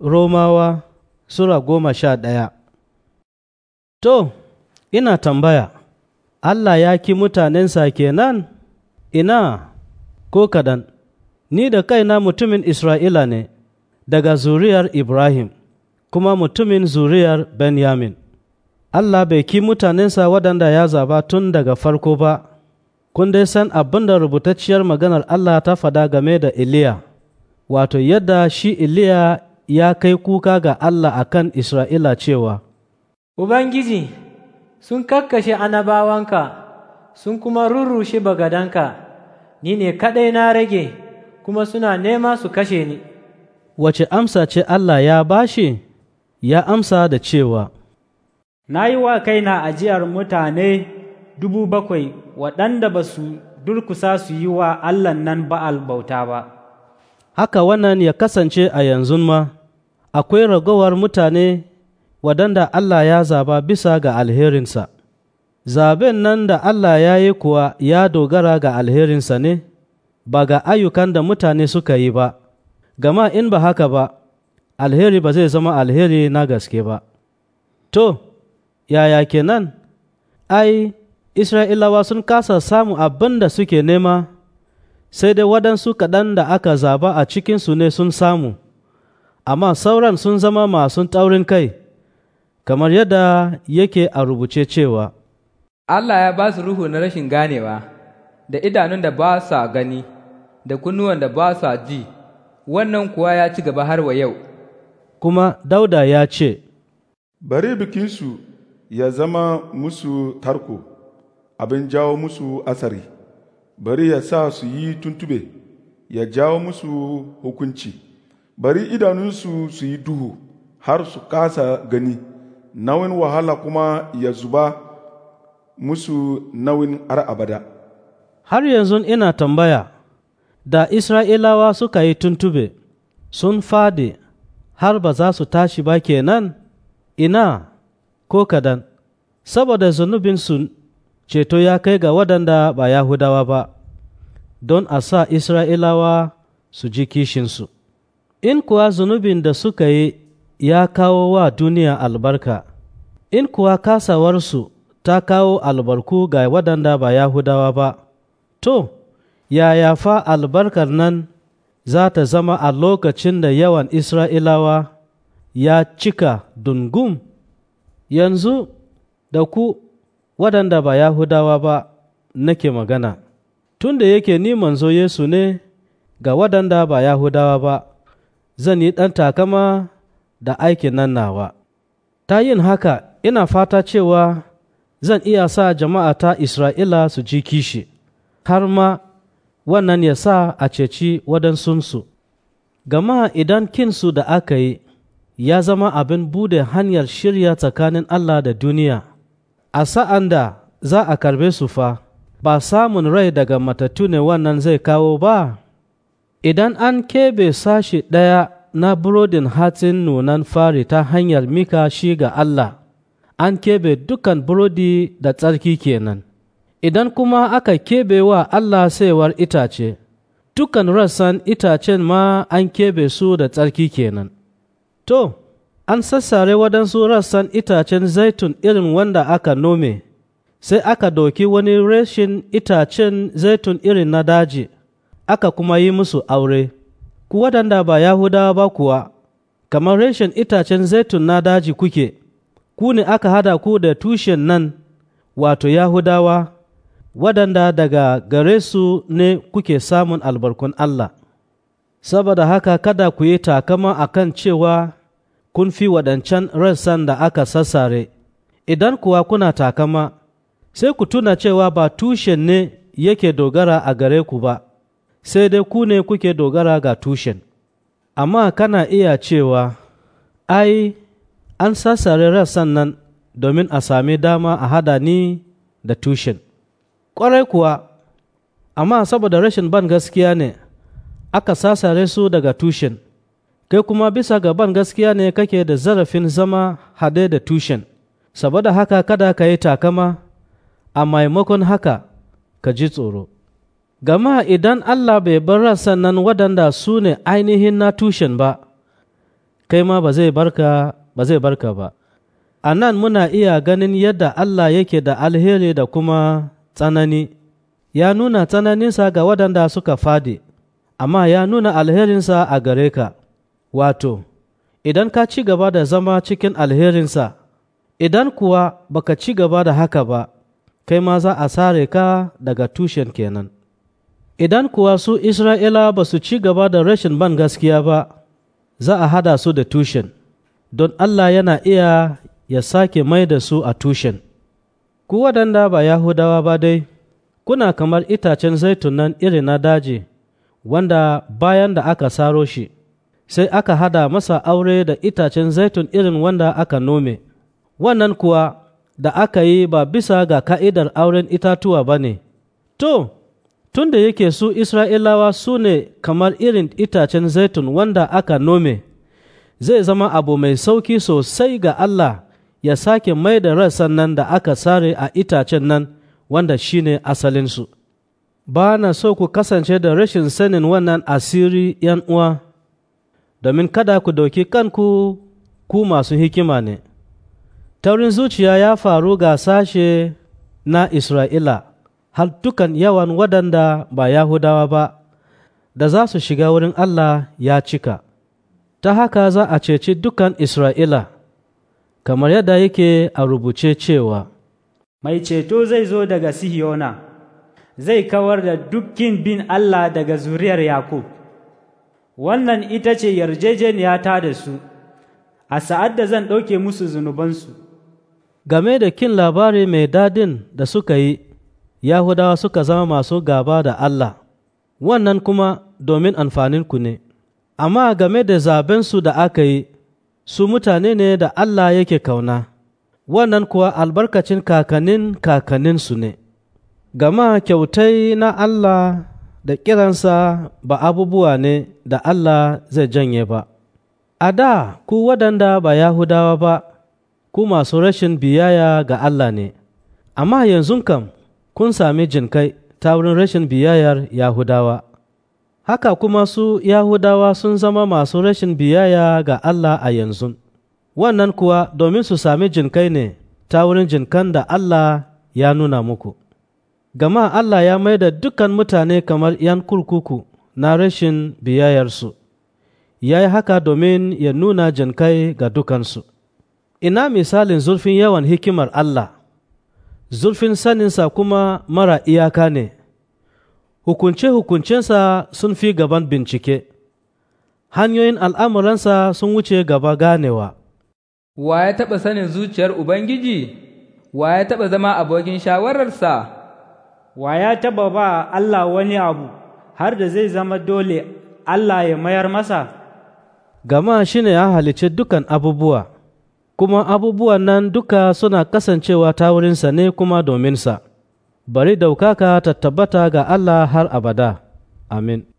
Romawa Sura goma sha ɗaya To, ina tambaya, Allah ya ki mutanensa kenan? Ina, ko kaɗan, ni da kaina mutumin Isra'ila ne, daga zuriyar Ibrahim, kuma mutumin zuriyar Benyamin. Allah bai ki mutanensa waɗanda ya zaba tun daga farko ba, kun dai san abin da rubutacciyar maganar Allah ta faɗa game da Iliya, wato yadda shi Iliya ya kai kuka ga Allah a kan Isra'ila cewa, Ubangiji, sun kakkashe anabawanka, sun kuma rurrushe bagadanka, ni ne kaɗai na rage, kuma suna nema su kashe ni. Wace amsa ce Allah ya bashi? Ya amsa da cewa, Na yi wa kaina ajiyar mutane dubu bakwai waɗanda ba su durkusa su yi wa Allah nan ba'al bauta ba. Haka wannan ya kasance a yanzu ma. akwai ragowar mutane waɗanda Allah ya zaba bisa ga alherinsa. Zaben nan da Allah ya yi kuwa ya dogara ga alherinsa ne, ba ga ayyukan da mutane suka yi ba, gama in ba haka ba, alheri ba zai zama alheri na gaske ba. To, yaya kenan? Ai, Isra'ilawa sun kasa samu abin da suke nema, sai dai waɗansu kaɗan da aka zaba a cikinsu ne sun samu. amma sauran sun zama masu taurin kai, kamar yadda yake a rubuce cewa, Allah ya ba su ruhu na rashin ganewa, da idanun da ba sa gani, da kunnuwan da ba sa ji, wannan kuwa ya ci gaba har wa yau. Kuma Dauda ya ce, Bari bikinsu ya zama musu tarko, abin jawo musu asari, bari ya sa su yi tuntube, ya jawo musu hukunci. bari idanunsu su yi duhu har su kasa gani nauyin wahala kuma ya zuba musu nauyin har abada har yanzu ina tambaya da isra'ilawa suka yi tuntube sun fadi har ba za su tashi ba kenan ina ko kadan saboda zunubinsu ceto ya kai ga waɗanda ba yahudawa ba don a sa isra'ilawa su ji kishinsu in kuwa zunubin da suka yi ya kawo wa duniya albarka, in kuwa kasawarsu ta kawo albarku ga waɗanda ba Yahudawa ba, to, yaya fa albarkar nan za ta zama a lokacin da yawan Isra'ilawa ya cika dungum? Yanzu da ku waɗanda ba Yahudawa ba nake magana, tunda da yake ni manzo Yesu ne ga waɗanda ba Yahudawa ba. zan yi ɗan takama da aikin nan nawa. Ta yin haka ina fata cewa zan iya sa jama'a ta Isra'ila su ji kishi, har ma wannan ya sa a ceci waɗansunsu. Gama idan kinsu da aka yi ya zama abin bude hanyar shirya tsakanin Allah da duniya, a sa'an da za a karbe su fa, ba samun rai daga matattu ne wannan zai kawo ba. Idan an kebe sashi ɗaya na burodin hatsin nunan fari ta hanyar mika shi ga Allah, an kebe dukan burodi da tsarki kenan. Idan kuma aka keɓe wa Allah saiwar itace, dukan rassan itacen ma an keɓe su da tsarki kenan. To, an sassare waɗansu rassan itacen zaitun irin wanda aka nome, sai aka doki wani reshin itacen zaitun irin na daji. aka kuma yi musu aure, ku waɗanda ba Yahudawa ba kuwa, kamar reshen itacen zaitun na daji kuke, ku ne aka hada ku da tushen nan, wato Yahudawa, waɗanda daga gare su ne kuke samun albarkun Allah. Saboda haka kada ku yi takama a kan cewa kun fi waɗancan rassan da aka sassare, idan kuwa kuna takama, sai ku tuna cewa ba tushen ne yake dogara a gare ku ba. sai dai ku ne kuke dogara ga tushen. Amma kana iya cewa, ai, an sassare rassan nan domin a sami dama a hada ni da tushen. kwarai kuwa, amma saboda rashin ban gaskiya ne, aka sasare su daga tushen, kai kuma bisa ga ban gaskiya ne kake da zarafin zama hade da tushen, saboda haka kada ka yi takama, a maimakon haka ka ji tsoro. gama idan Allah bai bar sannan nan waɗanda su ne ainihin na tushen ba, kai ma ba zai barka ba zai barka ba. A nan muna iya ganin yadda Allah yake da alheri da kuma tsanani, ya nuna tsananinsa ga waɗanda suka fadi, amma ya nuna alherinsa a gare ka, wato, idan ka ci gaba da zama cikin alherinsa, idan kuwa baka ci gaba da haka ba, kai ma za a sare ka daga tushen kenan. idan kuwa su Isra'ila ba su ci gaba da rashin ban gaskiya ba, za a hada su da tushen, don Allah yana iya ya sake mai da su a tushen. Ku waɗanda ba Yahudawa ba dai, kuna kamar itacen zaitun nan iri na daji, wanda bayan da aka saro shi, sai aka hada masa aure da itacen zaitun irin wanda aka nome. Wannan kuwa da aka yi ba bisa ga ka'idar auren itatuwa ba ne. To, tun da yake su Isra'ilawa su ne kamar irin itacen zaitun wanda aka nome, zai zama abu mai sauki sosai ga Allah ya sake mai da rassan nan da aka sare a itacen nan wanda shi ne asalinsu. Ba na so ku kasance da rashin sanin wannan asiri ‘yan uwa, domin kada ku dauki kanku ku masu hikima ne. Taurin zuciya ya faru ga sashe na Isra'ila. har dukan yawan waɗanda ba Yahudawa ba da za su shiga wurin Allah ya cika, ta haka za a ceci dukan Isra'ila, kamar yadda yake a rubuce cewa, Mai ceto zai zo daga Sihiyona, zai kawar da dukkin bin Allah daga zuriyar Yakub. Wannan ita ce yarjejeniya ta da su, a sa'ad da zan ɗauke musu zunubansu. Game da kin labari mai dadin da suka yi, Yahudawa suka zama masu gaba da Allah, wannan kuma domin amfaninku ne, amma game da zabensu da aka yi, su mutane ne da Allah yake kauna, wannan kuwa albarkacin kakannin kakanninsu ne, gama kyautai na Allah da kiransa ba abubuwa ne da Allah zai janye ba. A da ku waɗanda ba Yahudawa ba, ku masu rashin biyaya ga Allah ne, amma yanzu kam kun sami jinkai ta wurin rashin biyayyar Yahudawa. Haka kuma su Yahudawa sun zama masu rashin biyayya ga Allah a yanzu, wannan kuwa domin su sami jinkai ne ta wurin jinkan da Allah ya nuna muku. Gama Allah ya da dukan mutane kamar ‘yan kurkuku na rashin biyayyarsu, ya yi haka domin ya nuna jinkai ga dukansu. Ina misalin zurfin yawan hikimar Allah. zurfin saninsa kuma mara iyaka ne, hukunce-hukuncensa sun fi gaban bincike, hanyoyin al'amuransa sun wuce gaba ganewa. Wa ya taɓa sanin zuciyar Ubangiji, wa ya taɓa zama abokin shawararsa, wa ya taɓa ba Allah wani abu har da zai zama dole Allah ya mayar masa? Gama shi ne ya halice dukan abubuwa. kuma abubuwan nan duka suna kasancewa ta wurinsa ne kuma dominsa, bari daukaka ta tabbata ga Allah har abada, amin.